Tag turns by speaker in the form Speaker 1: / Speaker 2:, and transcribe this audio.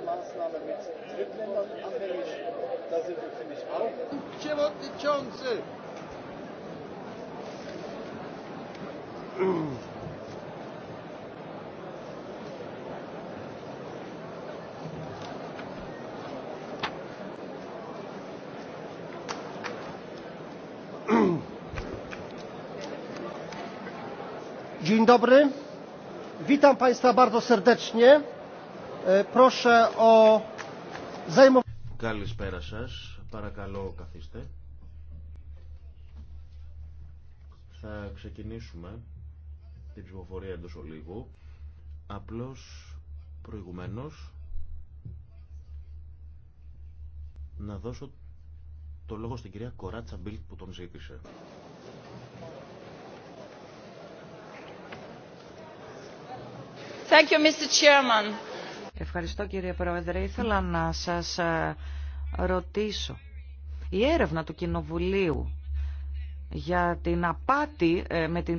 Speaker 1: ganze Maßnahme mit Drittländern abhängig. Da sind wir, finde ich, auch. Przewodniczący! Dzień dobry. Witam Państwa bardzo serdecznie. Ε,
Speaker 2: Καλησπέρα σας. Παρακαλώ καθίστε. Θα ξεκινήσουμε την ψηφοφορία εντός ολίγου. Απλώς προηγουμένως να δώσω το λόγο στην κυρία Κοράτσα Μπίλτ που τον ζήτησε.
Speaker 3: Thank you, Ευχαριστώ κύριε Πρόεδρε. Ήθελα να σας ε, ρωτήσω. Η έρευνα του Κοινοβουλίου για την απάτη ε, με την